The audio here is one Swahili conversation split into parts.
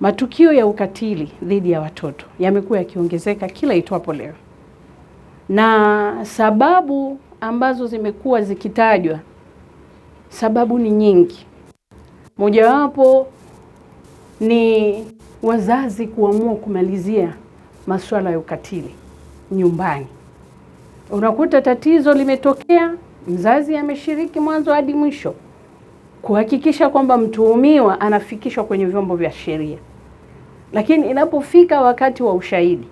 Matukio ya ukatili dhidi ya watoto yamekuwa yakiongezeka kila itwapo leo, na sababu ambazo zimekuwa zikitajwa, sababu ni nyingi. Mojawapo ni wazazi kuamua kumalizia masuala ya ukatili nyumbani. Unakuta tatizo limetokea, mzazi ameshiriki mwanzo hadi mwisho kuhakikisha kwamba mtuhumiwa anafikishwa kwenye vyombo vya sheria. Lakini inapofika wakati wa ushahidi,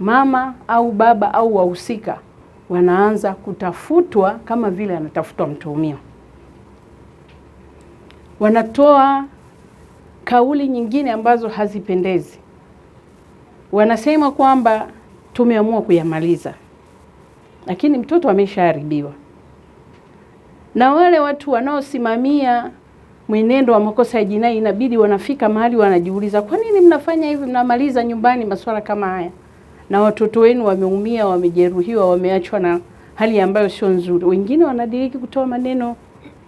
mama au baba au wahusika wanaanza kutafutwa kama vile anatafutwa mtuhumiwa. Wanatoa kauli nyingine ambazo hazipendezi. Wanasema kwamba tumeamua kuyamaliza, lakini mtoto ameshaharibiwa na wale watu wanaosimamia mwenendo wa makosa ya jinai inabidi wanafika mahali wanajiuliza, kwa nini mnafanya hivi? Mnamaliza nyumbani masuala kama haya, na watoto wenu wameumia, wamejeruhiwa, wameachwa na hali ambayo sio nzuri. Wengine wanadiriki kutoa maneno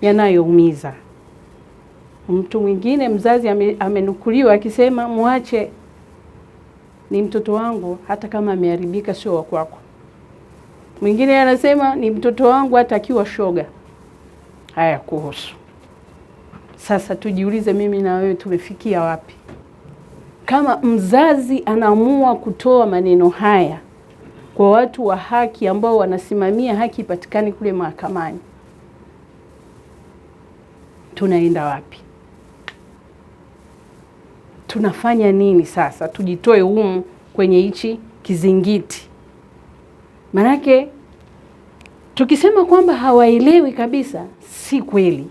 yanayoumiza mtu mwingine. Mzazi amenukuliwa akisema, mwache, ni mtoto wangu, hata kama ameharibika sio wa kwako. Mwingine anasema, ni mtoto wangu, hata akiwa shoga haya kuhusu. Sasa tujiulize, mimi na wewe tumefikia wapi? Kama mzazi anaamua kutoa maneno haya kwa watu wa haki ambao wanasimamia haki ipatikane kule mahakamani, tunaenda wapi? Tunafanya nini sasa? Tujitoe humu kwenye hichi kizingiti, maanake Tukisema kwamba hawaelewi kabisa, si kweli.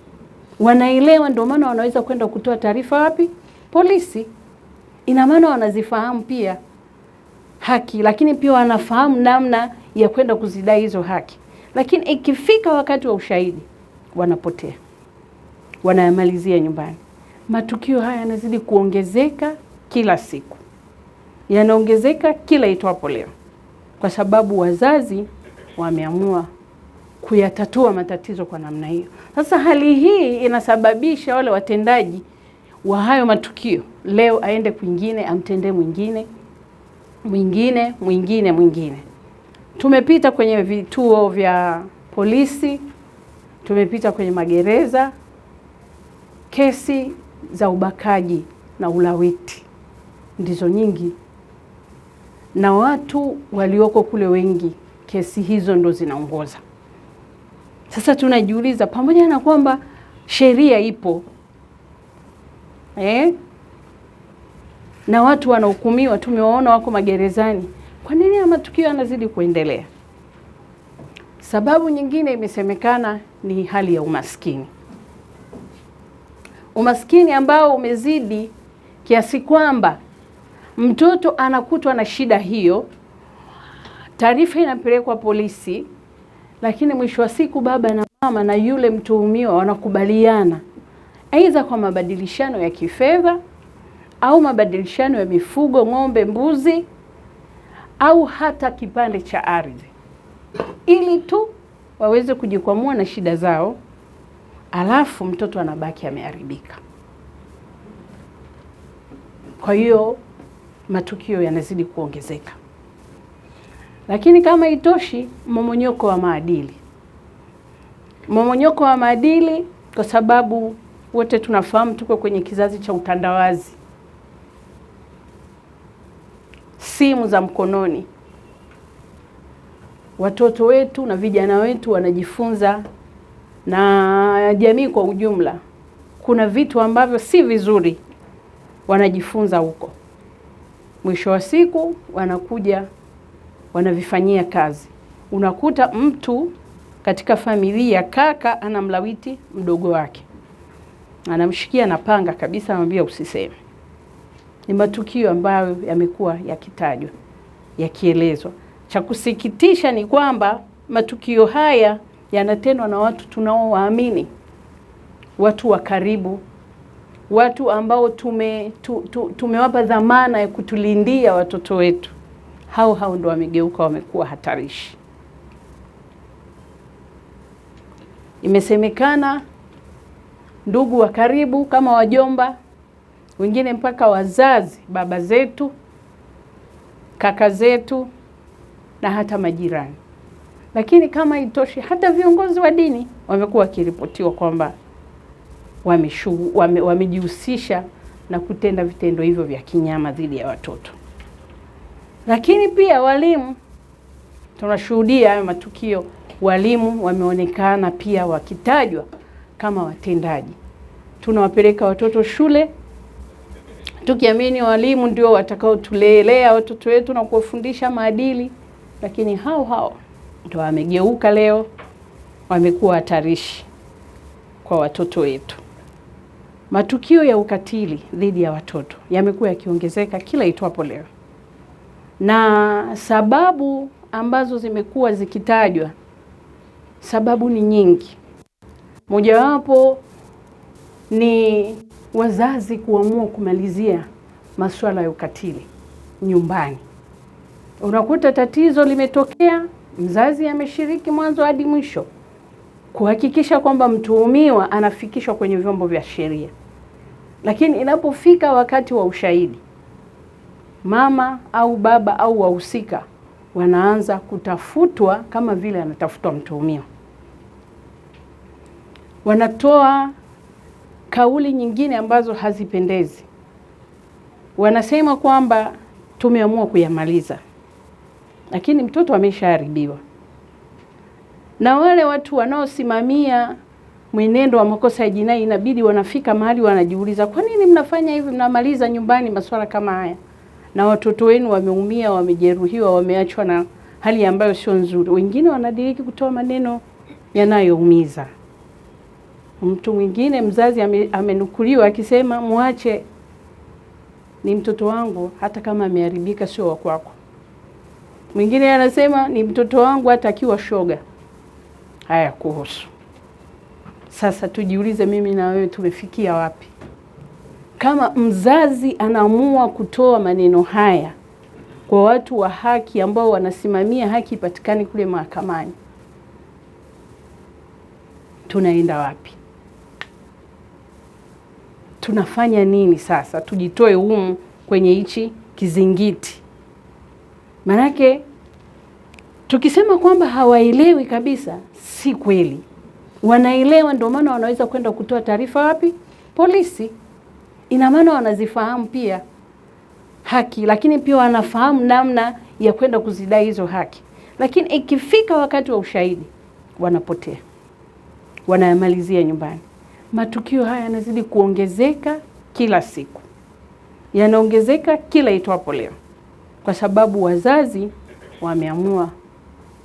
Wanaelewa, ndio maana wanaweza kwenda kutoa taarifa wapi? Polisi. Ina maana wanazifahamu pia haki, lakini pia wanafahamu namna ya kwenda kuzidai hizo haki, lakini ikifika wakati wa ushahidi wanapotea, wanayamalizia nyumbani. Matukio haya yanazidi kuongezeka kila siku, yanaongezeka kila itwapo leo, kwa sababu wazazi wameamua kuyatatua matatizo kwa namna hiyo. Sasa hali hii inasababisha wale watendaji wa hayo matukio leo aende kwingine, amtende mwingine mwingine mwingine mwingine. Tumepita kwenye vituo vya polisi, tumepita kwenye magereza, kesi za ubakaji na ulawiti ndizo nyingi, na watu walioko kule wengi, kesi hizo ndo zinaongoza. Sasa tunajiuliza pamoja na kwamba sheria ipo eh, na watu wanahukumiwa, tumewaona wako magerezani, kwa nini haya matukio yanazidi kuendelea? Sababu nyingine imesemekana ni hali ya umaskini, umaskini ambao umezidi kiasi kwamba mtoto anakutwa na shida hiyo, taarifa inapelekwa polisi lakini mwisho wa siku baba na mama na yule mtuhumiwa wanakubaliana aidha kwa mabadilishano ya kifedha au mabadilishano ya mifugo, ng'ombe, mbuzi au hata kipande cha ardhi, ili tu waweze kujikwamua na shida zao, alafu mtoto anabaki ameharibika. Kwa hiyo matukio yanazidi kuongezeka. Lakini kama itoshi, mmomonyoko wa maadili, mmomonyoko wa maadili, kwa sababu wote tunafahamu tuko kwenye kizazi cha utandawazi, simu za mkononi. Watoto wetu na vijana wetu wanajifunza na jamii kwa ujumla, kuna vitu ambavyo si vizuri wanajifunza huko. Mwisho wa siku wanakuja wanavifanyia kazi. Unakuta mtu katika familia, kaka anamlawiti mdogo wake, anamshikia na panga kabisa, anamwambia usiseme. Ni matukio ambayo yamekuwa yakitajwa, yakielezwa. Cha kusikitisha ni kwamba matukio haya yanatendwa na watu tunaowaamini, watu wa karibu, watu ambao tume, tu, tu, tumewapa dhamana ya kutulindia watoto wetu hao hao ndo wamegeuka wamekuwa hatarishi. Imesemekana ndugu wa karibu kama wajomba, wengine mpaka wazazi, baba zetu, kaka zetu na hata majirani. Lakini kama itoshi, hata viongozi wa dini wamekuwa wakiripotiwa kwamba wamejihusisha wame, wame na kutenda vitendo hivyo vya kinyama dhidi ya watoto. Lakini pia walimu, tunashuhudia hayo matukio, walimu wameonekana pia wakitajwa kama watendaji. Tunawapeleka watoto shule tukiamini walimu ndio watakaotulelea watoto wetu na kuwafundisha maadili, lakini hao hao ndio wamegeuka leo, wamekuwa hatarishi kwa watoto wetu. Matukio ya ukatili dhidi ya watoto yamekuwa yakiongezeka kila itwapo leo na sababu ambazo zimekuwa zikitajwa, sababu ni nyingi. Mojawapo ni wazazi kuamua kumalizia masuala ya ukatili nyumbani. Unakuta tatizo limetokea, mzazi ameshiriki mwanzo hadi mwisho kuhakikisha kwamba mtuhumiwa anafikishwa kwenye vyombo vya sheria, lakini inapofika wakati wa ushahidi mama au baba au wahusika wanaanza kutafutwa kama vile anatafutwa mtuhumiwa. Wanatoa kauli nyingine ambazo hazipendezi. Wanasema kwamba tumeamua kuyamaliza, lakini mtoto ameshaharibiwa. Na wale watu wanaosimamia mwenendo wa makosa ya jinai inabidi wanafika mahali wanajiuliza, kwa nini mnafanya hivi? Mnamaliza nyumbani masuala kama haya? na watoto wenu wameumia, wamejeruhiwa, wameachwa na hali ambayo sio nzuri. Wengine wanadiriki kutoa maneno yanayoumiza. Mtu mwingine mzazi amenukuliwa akisema, mwache, ni mtoto wangu, hata kama ameharibika sio wa kwako. Mwingine anasema ni mtoto wangu, hata akiwa shoga. Haya kuhusu sasa, tujiulize, mimi na wewe tumefikia wapi? kama mzazi anaamua kutoa maneno haya kwa watu wa haki ambao wanasimamia haki ipatikane kule mahakamani, tunaenda wapi? Tunafanya nini sasa tujitoe humu kwenye hichi kizingiti? Maanake tukisema kwamba hawaelewi kabisa, si kweli. Wanaelewa, ndio maana wanaweza kwenda kutoa taarifa wapi? Polisi ina maana wanazifahamu pia haki, lakini pia wanafahamu namna ya kwenda kuzidai hizo haki, lakini ikifika wakati wa ushahidi wanapotea, wanayamalizia nyumbani. Matukio haya yanazidi kuongezeka kila siku, yanaongezeka kila itwapo leo, kwa sababu wazazi wameamua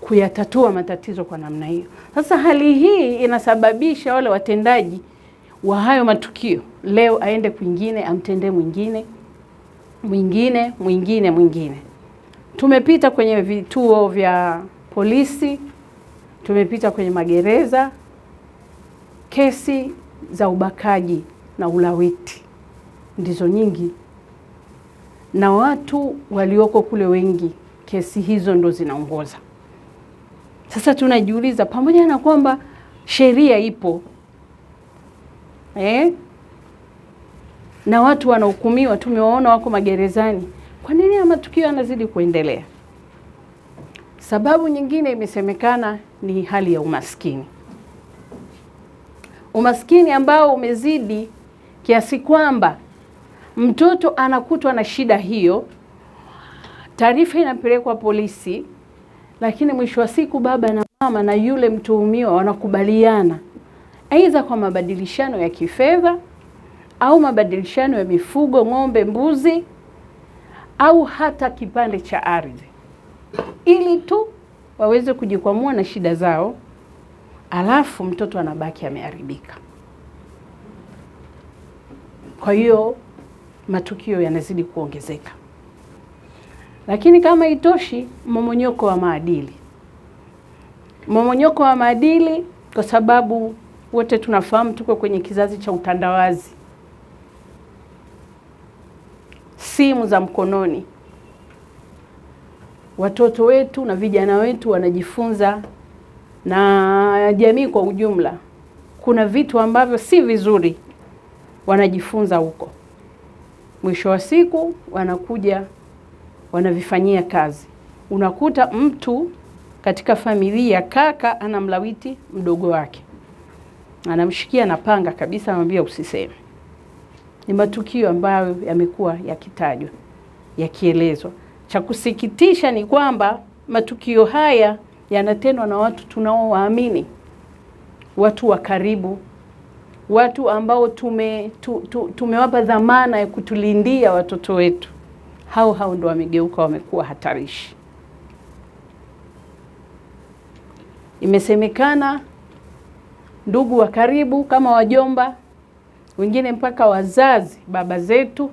kuyatatua matatizo kwa namna hiyo. Sasa hali hii inasababisha wale watendaji wa hayo matukio leo aende kwingine, amtendee mwingine mwingine mwingine mwingine. Tumepita kwenye vituo vya polisi, tumepita kwenye magereza, kesi za ubakaji na ulawiti ndizo nyingi, na watu walioko kule wengi, kesi hizo ndo zinaongoza. Sasa tunajiuliza, pamoja na kwamba sheria ipo eh? na watu wanahukumiwa, tumewaona wako magerezani. Kwa nini haya matukio yanazidi kuendelea? Sababu nyingine imesemekana ni hali ya umaskini, umaskini ambao umezidi kiasi kwamba mtoto anakutwa na shida hiyo, taarifa inapelekwa polisi, lakini mwisho wa siku baba na mama na yule mtuhumiwa wanakubaliana aidha kwa mabadilishano ya kifedha au mabadilishano ya mifugo, ng'ombe, mbuzi au hata kipande cha ardhi, ili tu waweze kujikwamua na shida zao, alafu mtoto anabaki ameharibika. Kwa hiyo matukio yanazidi kuongezeka, lakini kama itoshi, mmomonyoko wa maadili, mmomonyoko wa maadili, kwa sababu wote tunafahamu tuko kwenye kizazi cha utandawazi simu za mkononi. Watoto wetu na vijana wetu wanajifunza, na jamii kwa ujumla, kuna vitu ambavyo si vizuri wanajifunza huko. Mwisho wa siku wanakuja wanavifanyia kazi. Unakuta mtu katika familia, kaka anamlawiti mdogo wake, anamshikia na panga kabisa, anamwambia usiseme ni matukio ambayo yamekuwa yakitajwa, yakielezwa. Cha kusikitisha ni kwamba matukio haya yanatendwa na watu tunaowaamini, watu wa karibu, watu ambao tume, tu, tu, tumewapa dhamana ya kutulindia watoto wetu. Hao hao ndo wamegeuka, wamekuwa hatarishi. Imesemekana ndugu wa karibu kama wajomba wengine mpaka wazazi, baba zetu,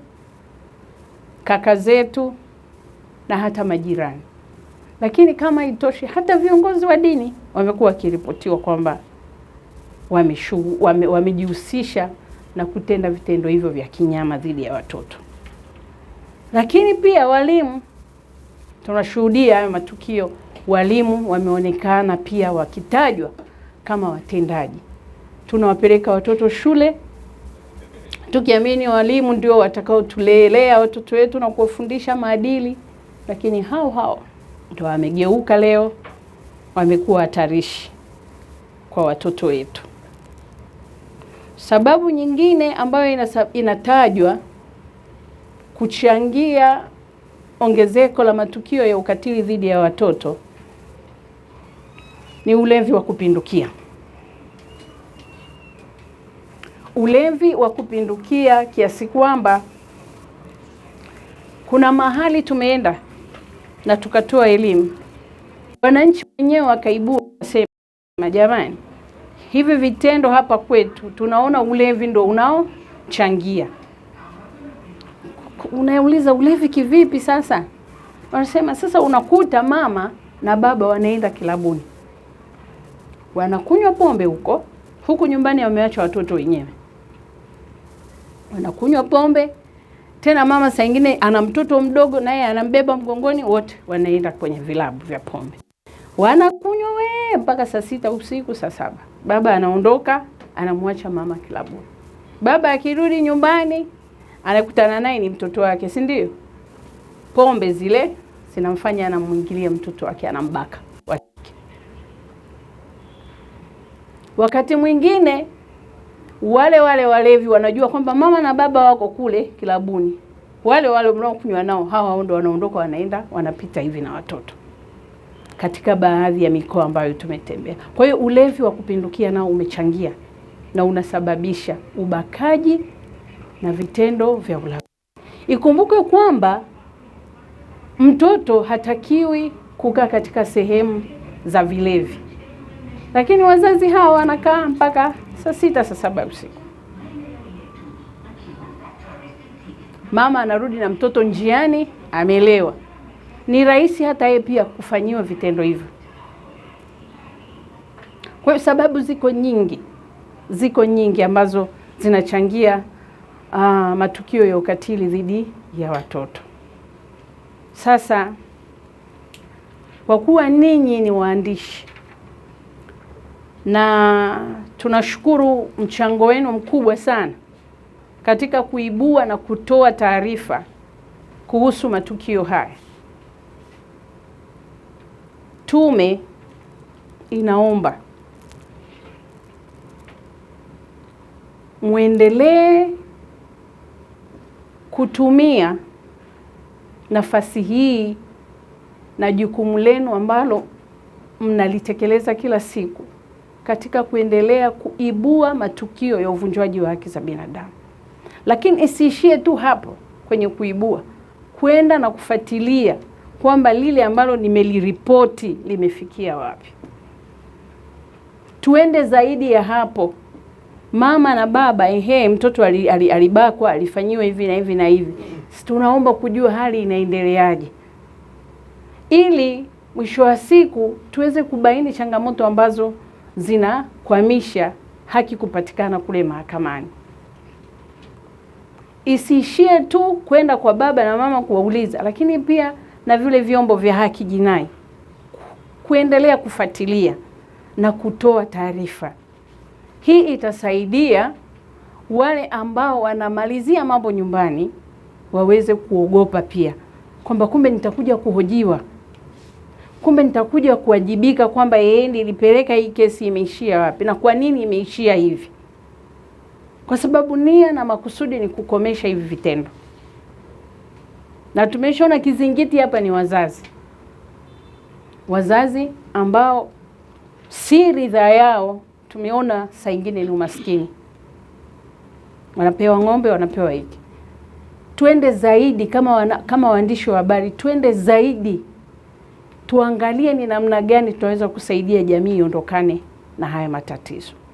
kaka zetu na hata majirani. Lakini kama itoshi, hata viongozi wa dini wamekuwa wakiripotiwa kwamba wamejihusisha wame na kutenda vitendo hivyo vya kinyama dhidi ya watoto. Lakini pia walimu, tunashuhudia hayo matukio, walimu wameonekana pia wakitajwa kama watendaji. Tunawapeleka watoto shule tukiamini walimu ndio watakaotulelea watoto wetu na kuwafundisha maadili, lakini hao hao ndio wamegeuka leo, wamekuwa hatarishi kwa watoto wetu. Sababu nyingine ambayo inatajwa kuchangia ongezeko la matukio ya ukatili dhidi ya watoto ni ulevi wa kupindukia. ulevi wa kupindukia kiasi kwamba kuna mahali tumeenda na tukatoa elimu, wananchi wenyewe wakaibua, wasema jamani, hivi vitendo hapa kwetu tunaona ulevi ndo unaochangia. Unauliza ulevi kivipi? Sasa wanasema sasa, unakuta mama na baba wanaenda kilabuni, wanakunywa pombe huko, huku nyumbani wameacha watoto wenyewe wanakunywa pombe tena. Mama saa ingine ana mtoto mdogo naye anambeba mgongoni, wote wanaenda kwenye vilabu vya pombe, wanakunywa we mpaka saa sita usiku, saa saba baba anaondoka, anamwacha mama kilabu Baba akirudi nyumbani anakutana naye ni mtoto wake, si ndio? Pombe zile zinamfanya anamwingilia mtoto wake, anambaka. Wakati mwingine wale wale walevi wanajua kwamba mama na baba wako kule kilabuni, wale wale mnaokunywa nao, hawa ndo wanaondoka, wanaenda wanapita hivi na watoto katika baadhi ya mikoa ambayo tumetembea. Kwa hiyo ulevi wa kupindukia nao umechangia na unasababisha ubakaji na vitendo vya ulaghai. Ikumbuke kwamba mtoto hatakiwi kukaa katika sehemu za vilevi. Lakini wazazi hawa wanakaa mpaka saa sita saa saba usiku, mama anarudi na mtoto njiani amelewa. Ni rahisi hata yeye pia kufanyiwa vitendo hivyo. Kwa hiyo sababu ziko nyingi, ziko nyingi ambazo zinachangia uh, matukio ya ukatili dhidi ya watoto. Sasa kwa kuwa ninyi ni waandishi na tunashukuru mchango wenu mkubwa sana katika kuibua na kutoa taarifa kuhusu matukio haya. Tume inaomba mwendelee kutumia nafasi hii na jukumu lenu ambalo mnalitekeleza kila siku katika kuendelea kuibua matukio ya uvunjwaji wa haki za binadamu. Lakini isiishie tu hapo kwenye kuibua, kwenda na kufuatilia kwamba lile ambalo nimeliripoti limefikia wapi. Tuende zaidi ya hapo. Mama na baba, ehe, mtoto alibakwa, alifanyiwa hivi na hivi na hivi, tunaomba kujua hali inaendeleaje, ili mwisho wa siku tuweze kubaini changamoto ambazo zinakwamisha haki kupatikana kule mahakamani. Isiishie tu kwenda kwa baba na mama kuwauliza, lakini pia na vile vyombo vya haki jinai kuendelea kufuatilia na kutoa taarifa. Hii itasaidia wale ambao wanamalizia mambo nyumbani waweze kuogopa pia kwamba kumbe nitakuja kuhojiwa kumbe nitakuja kuwajibika kwamba yeye nilipeleka hii kesi, imeishia wapi na kwa nini imeishia hivi, kwa sababu nia na makusudi ni kukomesha hivi vitendo, na tumeshaona kizingiti hapa ni wazazi, wazazi ambao si ridhaa yao. Tumeona saa ingine ni umaskini, wanapewa ng'ombe, wanapewa hiki. Twende zaidi kama, wana, kama waandishi wa habari twende zaidi tuangalie ni namna gani tunaweza kusaidia jamii iondokane na haya matatizo.